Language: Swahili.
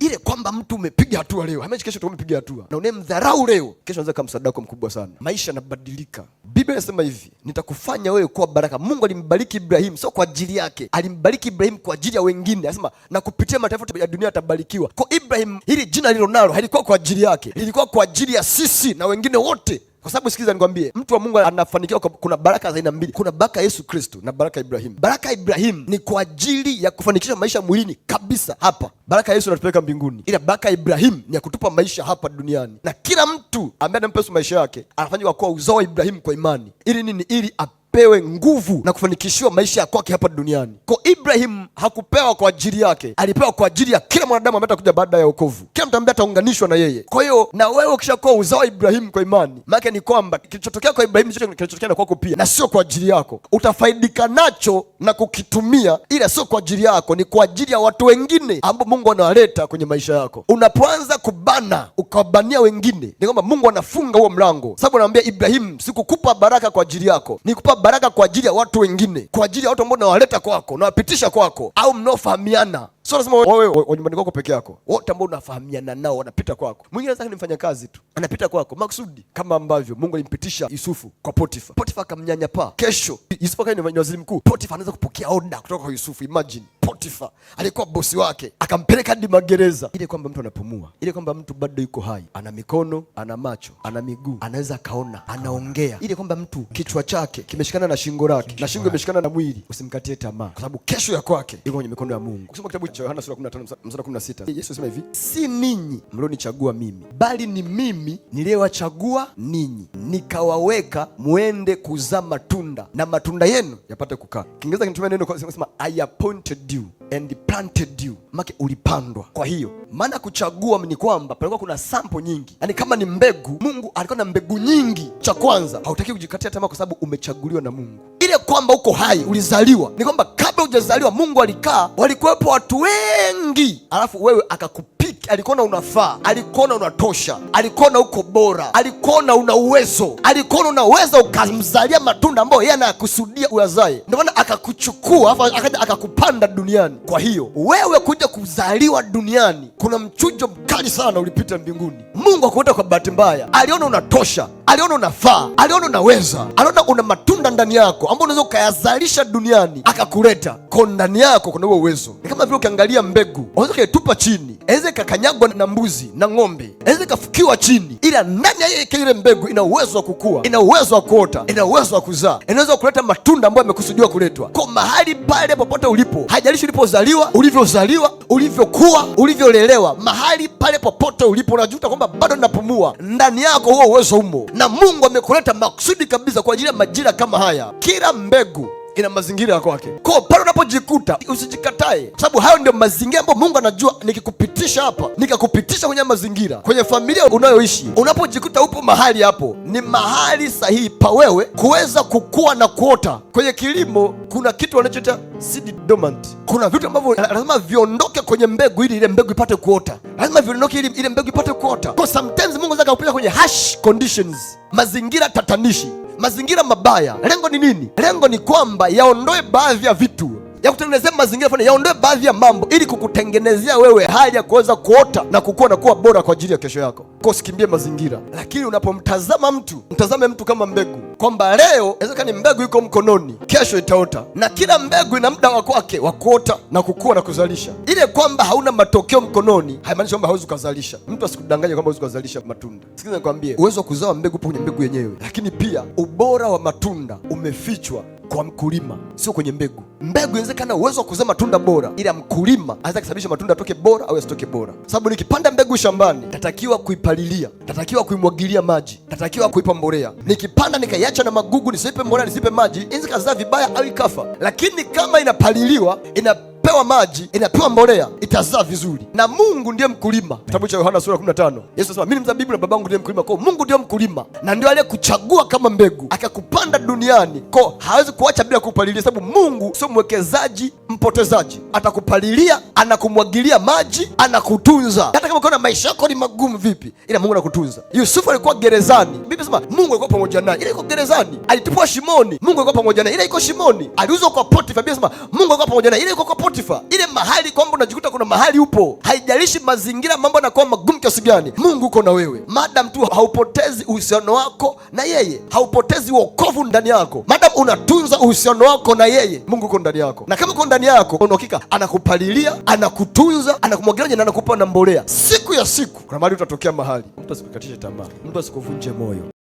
ile kwamba mtu umepiga hatua leo, hamechi kesho tumepiga hatua, na unemdharau leo, kesho anaweza kama msaada wako mkubwa sana. Maisha yanabadilika. Biblia inasema hivi, nitakufanya wewe kuwa baraka. Mungu alimbariki ibrahim sio kwa ajili yake, alimbariki ibrahim kwa ajili ya wengine. Anasema na kupitia mataifa ya dunia atabarikiwa. Kwa ibrahim hili jina lilonalo halikuwa kwa ajili yake, lilikuwa kwa ajili ya sisi na wengine wote kwa sababu sikiza, nikwambie mtu wa Mungu anafanikiwa. Kuna baraka za aina mbili, kuna baraka ya Yesu Kristo na baraka ya Ibrahimu. Baraka ya Ibrahimu ni kwa ajili ya kufanikisha maisha mwilini kabisa hapa. Baraka ya Yesu inatupeleka mbinguni, ila baraka ya Ibrahimu ni ya kutupa maisha hapa duniani, na kila mtu ambaye anampa Yesu maisha yake anafanywa kuwa uzao wa Ibrahimu kwa imani, ili nini? Ili apewe nguvu na kufanikishiwa maisha ya kwake hapa duniani. Kwa Ibrahim hakupewa kwa ajili yake, alipewa kwa ajili ya kila mwanadamu ambaye atakuja baada ya wokovu, kila mtu ambaye ataunganishwa na yeye. Kwa hiyo na wewe ukishakuwa uzao wa Ibrahimu kwa imani, maake ni kwamba kilichotokea kwa Ibrahimu ndicho kilichotokea na kwako pia, na sio kwa ajili yako. Utafaidika nacho na kukitumia, ila sio kwa ajili yako, ni kwa ajili ya watu wengine ambao Mungu anawaleta kwenye maisha yako. Unapoanza kubana ukawabania wengine, ni kwamba Mungu anafunga huo mlango, sababu anaambia Ibrahimu, sikukupa baraka kwa ajili yako, nikupa baraka kwa ajili ya watu wengine, kwa ajili ya watu ambao nawaleta kwako, nawapitisha kwako, au mnaofahamiana. so lazima wewe wa nyumbani kwako peke yako, wote ambao unafahamiana nao wanapita kwako. Mwingine anaweza ni mfanyakazi tu anapita kwako maksudi kama ambavyo Mungu alimpitisha Yusufu kwa Potifa. Potifa akamnyanyapaa. Kesho Yusufu akawa ni waziri mkuu, Potifa anaweza kupokea oda kutoka kwa Yusufu. Imagine Potifa, alikuwa bosi wake, akampeleka hadi magereza. Ile kwamba mtu anapumua, ile kwamba mtu bado yuko hai, ana mikono, ana macho, ana miguu, anaweza akaona, anaongea, ile kwamba mtu kichwa chake kimeshikana na shingo lake na shingo imeshikana na mwili, usimkatie tamaa, kwa sababu kesho ya kwake iko kwenye mikono ya Mungu. Kusoma kitabu cha Yohana sura 15 mstari 16, Yesu anasema hivi, si ninyi mlionichagua mimi, bali ni mimi niliyewachagua ninyi, nikawaweka mwende kuzaa matunda na matunda yenu yapate kukaa. Kiingereza kinatumia neno sema I appointed you and planted you, make ulipandwa. Kwa hiyo maana kuchagua ni kwamba palikuwa kuna sampo nyingi, yaani kama ni mbegu, Mungu alikuwa na mbegu nyingi. Cha kwanza, hautaki kujikatia tamaa, kwa sababu umechaguliwa na Mungu. Ile kwamba uko hai, ulizaliwa, ni kwamba kabla hujazaliwa Mungu alikaa, walikuwepo watu wengi, alafu wewe akaku alikuona unafaa, alikuona unatosha, alikuona uko bora, alikuona una uwezo, alikuona unaweza ukamzalia matunda ambayo yeye anayakusudia uyazae. Ndio maana akakuchukua akaja akakupanda duniani. Kwa hiyo wewe kuja kuzaliwa duniani, kuna mchujo mkali sana ulipita mbinguni. Mungu hakuenda kwa bahati mbaya, aliona unatosha aliona unafaa, aliona unaweza, aliona una matunda ndani yako ambao unaweza ukayazalisha duniani, akakuleta ko ndani yako kuna huo uwezo. Ni kama vile ukiangalia mbegu, unaweza ukaitupa chini, aweza ikakanyagwa na mbuzi na ng'ombe, aweza ikafukiwa chini, ila ndani ya ile mbegu ina uwezo wa kukua, ina uwezo wa kuota, ina uwezo wa kuzaa, inaweza kuleta matunda ambayo yamekusudiwa kuletwa. Ko mahali pale popote ulipo, haijalishi ulipozaliwa, ulivyozaliwa ulivyokuwa, ulivyolelewa, mahali pale popote ulipo, unajuta kwamba bado ninapumua, ndani yako huo uwezo umo, na Mungu amekuleta maksudi kabisa kwa ajili ya majira kama haya. Kila mbegu ina mazingira ya kwake. Kwa pale unapojikuta usijikatae, kwa sababu hayo ndio mazingira ambayo Mungu anajua. Nikikupitisha hapa, nikakupitisha kwenye mazingira, kwenye familia unayoishi, unapojikuta upo mahali hapo, ni mahali sahihi pa wewe kuweza kukua na kuota. Kwenye kilimo kuna kitu wanachoita kuna vitu ambavyo lazima viondoke kwenye mbegu ili ile mbegu ipate kuota, lazima viondoke ili ile mbegu ipate kuota. Kwa sometimes Mungu anaweza kupeleka kwenye harsh conditions, mazingira tatanishi, mazingira mabaya. Lengo ni nini? Lengo ni kwamba yaondoe baadhi ya vitu ya kutengenezea mazingira fulani, yaondoe baadhi ya mambo ili kukutengenezea wewe hali ya kuweza kuota na kukua na kuwa bora kwa ajili ya kesho yako. Kwa usikimbie mazingira, lakini unapomtazama mtu, mtazame mtu kama mbegu kwamba leo inawezekana mbegu iko mkononi, kesho itaota, na kila mbegu ina muda wake wa kuota na kukua na kuzalisha. Ile kwamba hauna matokeo mkononi haimaanishi kwamba hauwezi ukazalisha. Mtu asikudanganye kwamba hauwezi ukazalisha matunda. Sikiliza nikwambie, uwezo wa kuzaa mbegu upo kwenye mbegu yenyewe, lakini pia ubora wa matunda umefichwa kwa mkulima, sio kwenye mbegu. Mbegu inawezekana uwezo wa kuzaa matunda bora, ila mkulima anaweza kusababisha matunda atoke bora au yasitoke bora. Sababu nikipanda mbegu shambani, natakiwa kuipalilia, natakiwa kuimwagilia maji, natakiwa kuipa mbolea. Nikipanda nikaiacha na magugu, nisiipe mbolea, nisipe maji, inaweza kuzaa vibaya au ikafa. Lakini kama inapaliliwa ina ikipewa maji, inapewa mbolea, itazaa vizuri, na Mungu ndiye mkulima. Kitabu cha Yohana sura 15, Yesu anasema mimi ni mzabibu na yangu ndiye mkulima. Kwa Mungu ndiye mkulima na ndio aliyekuchagua kama mbegu akakupanda duniani, kwa hawezi kuacha bila kupalilia, sababu Mungu sio mwekezaji mpotezaji, atakupalilia, anakumwagilia maji, anakutunza hata kama ukiona maisha yako ni magumu vipi, ila Mungu anakutunza. Yusufu alikuwa gerezani, Biblia sema Mungu alikuwa pamoja naye, ila iko gerezani. Alitupwa shimoni, Mungu alikuwa pamoja naye, ila iko shimoni. Aliuzwa kwa Potifa, Biblia sema Mungu alikuwa pamoja naye, ila iko kwa Potifa. Ile mahali kwamba unajikuta kuna mahali upo, haijalishi mazingira, mambo yanakuwa magumu kiasi gani, Mungu uko na wewe, madam tu haupotezi uhusiano wako na yeye, haupotezi wokovu ndani yako Mad unatunza uhusiano wako na yeye, Mungu uko ndani yako, na kama uko ndani yako, una anakupalilia, anakutunza, anakumwagilia na anakupa na mbolea siku ya siku. Kuna mahali utatokea mahali, mtu asikukatishe tamaa, mtu asikuvunje moyo.